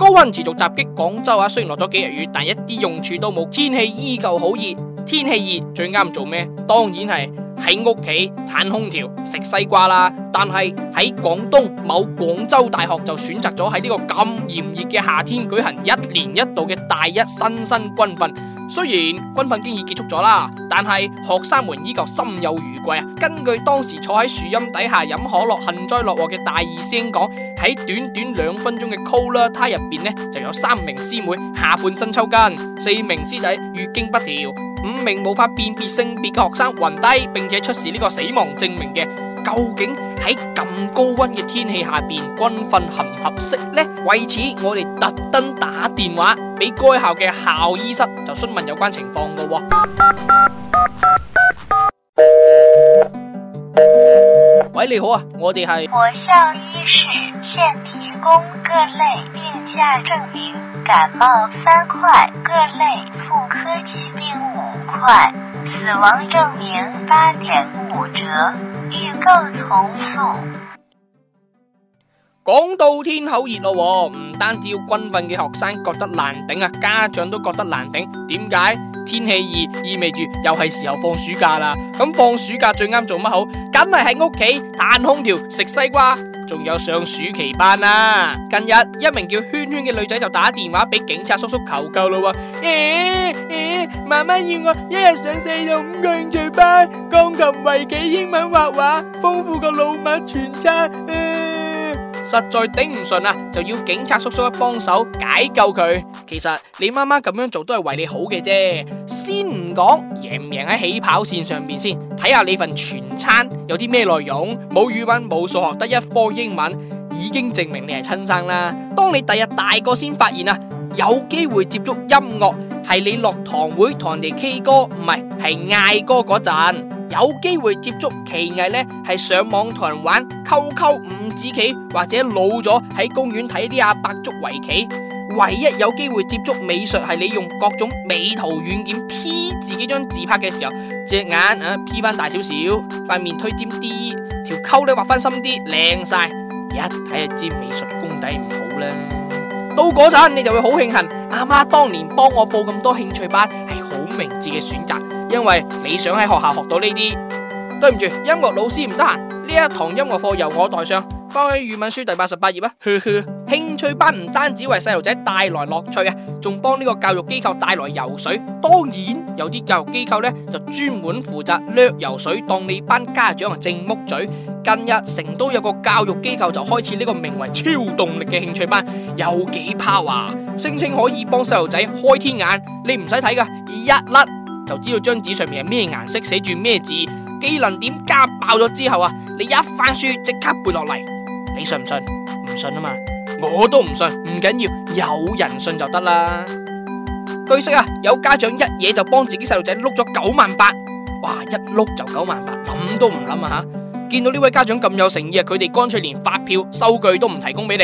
高溫持續襲擊廣州啊！雖然落咗幾日雨，但一啲用處都冇，天氣依舊好熱。天氣熱最啱做咩？當然係喺屋企嘆空調、食西瓜啦。但係喺廣東某廣州大學就選擇咗喺呢個咁炎熱嘅夏天舉行一年一度嘅大一新生軍訓。雖然軍訓已經結束咗啦，但係學生們依舊心有餘悸，根據當時坐喺樹蔭底下飲可樂幸災樂禍嘅大二師兄講，喺短短兩分鐘嘅 call 啦，他入邊就有三名師妹下半身抽筋，四名師弟月經不調，五名無法辨別性別嘅學生暈低，並且出示呢個死亡證明嘅。究竟喺咁高溫嘅天氣下邊軍訓合唔合適呢？為此，我哋特登打電話俾該校嘅校醫室，就詢問有關情況嘅。喂，你好啊，我哋係。我校醫室現提供各類病假證明：感冒三塊，各類婦科疾病五塊，死亡證明八點五折。要夠好用。講到天好熱咯，唔單只要軍訓嘅學生覺得難頂啊，家長都覺得難頂。點解？天氣熱意味住又係時候放暑假啦。咁放暑假最啱做乜好？梗係喺屋企嘆空調食西瓜。仲有上暑期班啦、啊！近日一名叫圈圈嘅女仔就打電話俾警察叔叔求救咯、啊。喎、欸，誒媽媽要我一日上四到五個興趣班，鋼琴、圍棋、英文畫畫、畫畫，豐富個老母全餐。欸實在頂唔順啊，就要警察叔叔幫手解救佢。其實你媽媽咁樣做都係為你好嘅啫。先唔講贏唔贏喺起跑線上面先，睇下你份全餐有啲咩內容。冇語文冇數學，得一科英文已經證明你係親生啦。當你第日大個先發現啊，有機會接觸音樂係你落堂會堂地 K 歌，唔係係嗌歌嗰陣。有機會接觸棋藝呢，係上網同人玩 QQ 五子棋，或者老咗喺公園睇啲阿伯捉圍棋。唯一有機會接觸美術係你用各種美圖軟件 P 自己張自拍嘅時候，隻眼啊 P 翻大少少，塊面推尖啲，條溝咧畫翻深啲，靚晒，一睇就知美術功底唔好啦。到嗰陣你就會好慶幸阿媽當年幫我報咁多興趣班係好明智嘅選擇。因為你想喺學校學到呢啲，對唔住，音樂老師唔得閒，呢一堂音樂課由我代上。翻去語文書第八十八頁啊。呵呵， 興趣班唔單止為細路仔帶來樂趣啊，仲幫呢個教育機構帶來油水。當然有啲教育機構咧就專門負責掠油水，當你班家長係正矇嘴。近日成都有個教育機構就開始呢個名為超動力嘅興趣班，有幾拋啊，聲稱可以幫細路仔開天眼。你唔使睇㗎，一粒。就知道張紙上面係咩顏色，寫住咩字，技能點加爆咗之後啊，你一翻書即刻背落嚟，你信唔信？唔信啊嘛，我都唔信，唔緊要，有人信就得啦。據悉啊，有家長一嘢就幫自己細路仔碌咗九萬八，哇，一碌就九萬八，諗都唔諗啊吓！見到呢位家長咁有誠意啊，佢哋乾脆連發票、收據都唔提供俾你，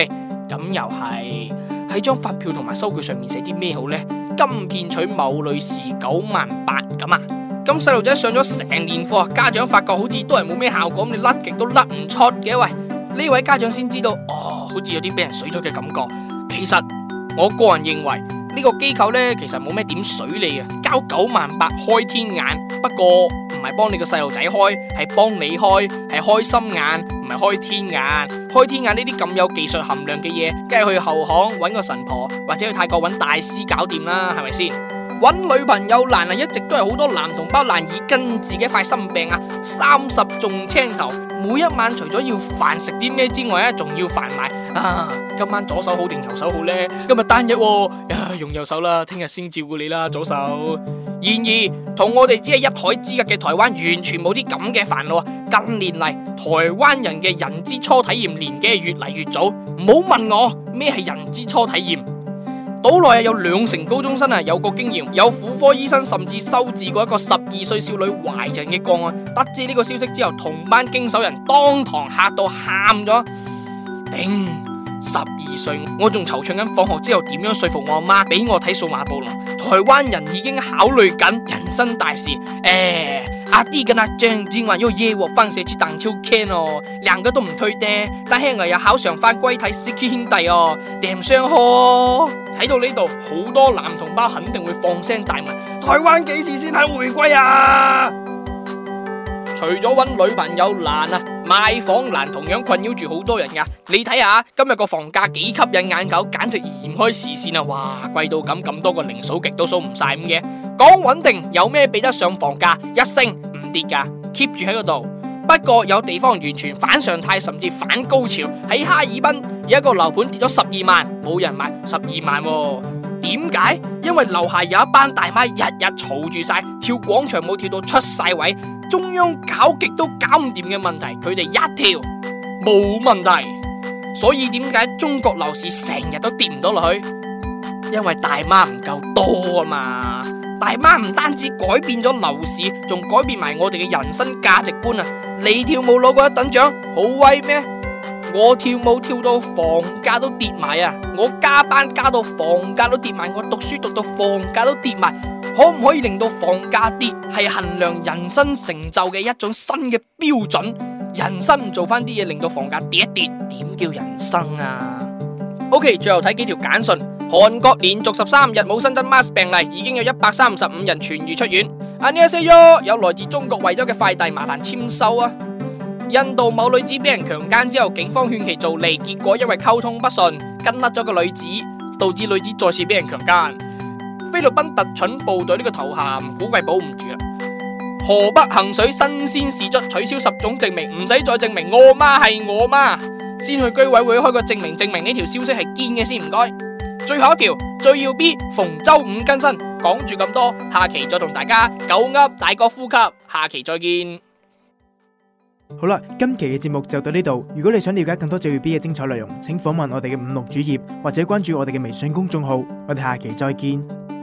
咁又係。係張發票同埋收據上面寫啲咩好呢？今騙取某女士九萬八咁啊！咁細路仔上咗成年課，家長發覺好似都係冇咩效果，你甩極都甩唔出嘅喂！呢位家長先知道哦，好似有啲俾人水咗嘅感覺。其實我個人認為呢、呢個機構呢，其實冇咩點水你嘅，交九萬八開天眼，不過唔係幫你個細路仔開，係幫你開，係開心眼。唔係開天眼，開天眼呢啲咁有技術含量嘅嘢，梗係去後巷揾個神婆，或者去泰國揾大師搞掂啦，係咪先？揾女朋友難啊，一直都係好多男同胞難以根治嘅一塊心病啊，三十中青頭。每一晚除咗要煩食啲咩之外，啊，仲要煩埋。啊，今晚左手好定右手好呢？今日單日，喎啊，用右手啦。聽日先照顧你啦，左手。然而，同我哋只係一海之隔嘅台灣，完全冇啲咁嘅煩惱。近年嚟，台灣人嘅人之初體驗年紀越嚟越早。唔好問我咩係人之初體驗。好耐啊，有兩成高中生啊，有過經驗，有婦科醫生甚至收治過一個十二歲少女懷孕嘅個案。得知呢個消息之後，同班經手人當堂嚇到喊咗。頂，十二歲，我仲惆悵緊放學之後點樣說服我阿媽俾我睇數碼暴龍。台灣人已經考慮緊人生大事，誒、呃。阿啲跟阿張今晚要夜卧翻社去蕩秋千哦，兩個都唔退爹，但係我又好想翻歸睇四 K 兄弟哦，點算好？睇到呢度，好多男同胞肯定會放聲大問：台灣幾時先肯回歸啊？除咗搵女朋友難啊，買房難同樣困擾住好多人噶、啊。你睇下、啊、今日個房價幾吸引眼球，簡直移唔開視線啊！哇，貴到咁咁多個零數極都數唔晒咁嘅。講穩定有咩比得上房價一升唔跌㗎 keep 住喺嗰度？不過有地方完全反常態，甚至反高潮。喺哈爾濱有一個樓盤跌咗十二萬，冇人買十二萬啊，點解？因為樓下有一班大媽日日嘈住晒，跳廣場舞跳到出晒位，中央搞極都搞唔掂嘅問題，佢哋一跳冇問題。所以點解中國樓市成日都跌唔到落去？因為大媽唔夠多啊嘛。大媽唔單止改變咗樓市，仲改變埋我哋嘅人生價值觀啊！你跳舞攞過一等獎，好威咩？我跳舞跳到房價都跌埋啊！我加班加到房價都跌埋，我讀書讀到房價都跌埋，可唔可以令到房價跌，係衡量人生成就嘅一種新嘅標準。人生唔做返啲嘢，令到房價跌一跌，點叫人生啊？OK，最後睇幾條簡訊。韓國連續十三日冇新增 MERS 病例，已經有一百三十五人痊愈出院。阿呢個 C U 有來自中國惠州嘅快遞麻煩簽收啊。印度某女子俾人強奸之後，警方勸其做利，結果因為溝通不順跟甩咗個女子，導致女子再次俾人強奸。菲律賓特蠢部隊呢個頭銜估計保唔住啦。河北衡水新鮮事卒取消十種證明，唔使再證明我媽係我媽，先去居委會開個證明，證明呢條消息係堅嘅先唔該。最後一條最耀 B，逢周五更新。講住咁多，下期再同大家九噏大個呼吸。下期再見。好啦，今期嘅節目就到呢度。如果你想了解更多最耀 B 嘅精彩內容，請訪問我哋嘅五六主頁或者關注我哋嘅微信公眾號。我哋下期再見。